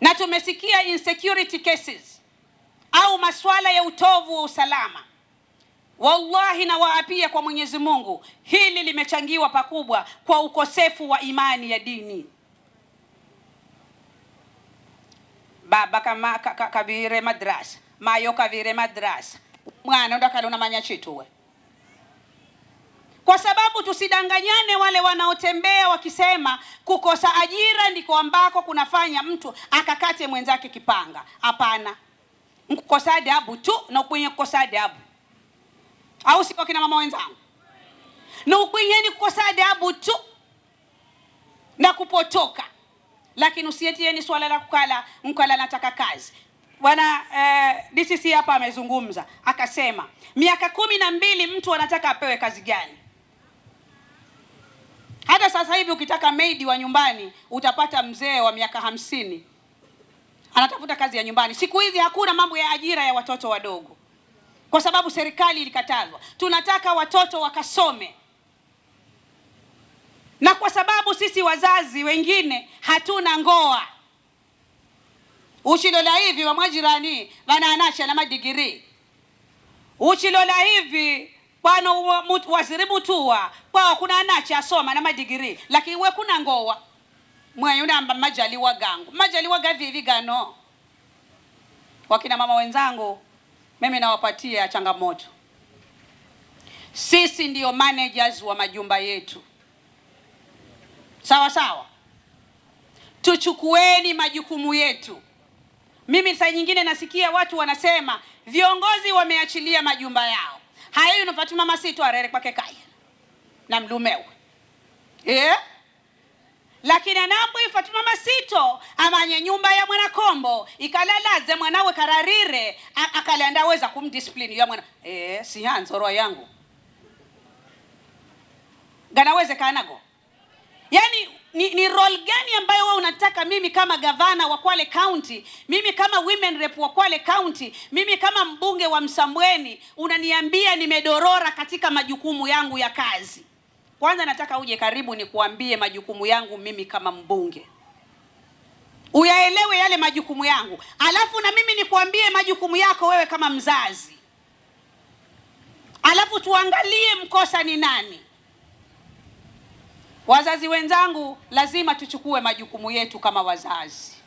na tumesikia insecurity cases au masuala ya utovu wa usalama. Wallahi, na waapia kwa Mwenyezi Mungu, hili limechangiwa pakubwa kwa ukosefu wa imani ya dini. Baba kama ka, ka, kavire madrasa mayo kavire madrasa mwana ndo akalona manya chitu we kwa sababu tusidanganyane wale wanaotembea wakisema kukosa ajira ndiko ambako kunafanya mtu akakate mwenzake kipanga. Hapana, mkukosa adabu tu na ukwenye kukosa adabu, au sio kina mama wenzangu? Na ukwenye ni kukosa adabu tu na kupotoka, lakini usiyetie ni swala la kukala mkala nataka kazi. Bwana eh, DCC hapa amezungumza akasema, miaka kumi na mbili mtu anataka apewe kazi gani? Hata sasa hivi ukitaka maid wa nyumbani utapata mzee wa miaka hamsini anatafuta kazi ya nyumbani. Siku hizi hakuna mambo ya ajira ya watoto wadogo, kwa sababu serikali ilikatazwa. Tunataka watoto wakasome, na kwa sababu sisi wazazi wengine hatuna ngoa uchilola hivi wamwajirani vana na madigiri uchilola hivi bwana waziri mutua kwawa kuna anachi asoma na madigiri lakini we kuna ngowa mwenyu namba majaliwa gangu majaliwa gavivi gano wakina mama wenzangu mimi nawapatia changamoto sisi ndiyo managers wa majumba yetu sawa sawa tuchukueni majukumu yetu mimi saa nyingine nasikia watu wanasema viongozi wameachilia majumba yao hayiyo inopfati mama arere kwake kaya na mlumewe yeah? lakini anamboifati mama sito amanye nyumba ya mwanakombo ikalalaze mwanawe kararire akalandaweza kumdisiplini ya mwana eh, siyanzorwa yangu ganawezekanago yani ni, ni role gani ambayo wewe unataka mimi kama gavana wa Kwale County, mimi kama women rep wa Kwale County, mimi kama mbunge wa Msambweni unaniambia nimedorora katika majukumu yangu ya kazi? Kwanza nataka uje karibu nikuambie majukumu yangu mimi kama mbunge, uyaelewe yale majukumu yangu, alafu na mimi nikuambie majukumu yako wewe kama mzazi, alafu tuangalie mkosa ni nani. Wazazi wenzangu, lazima tuchukue majukumu yetu kama wazazi.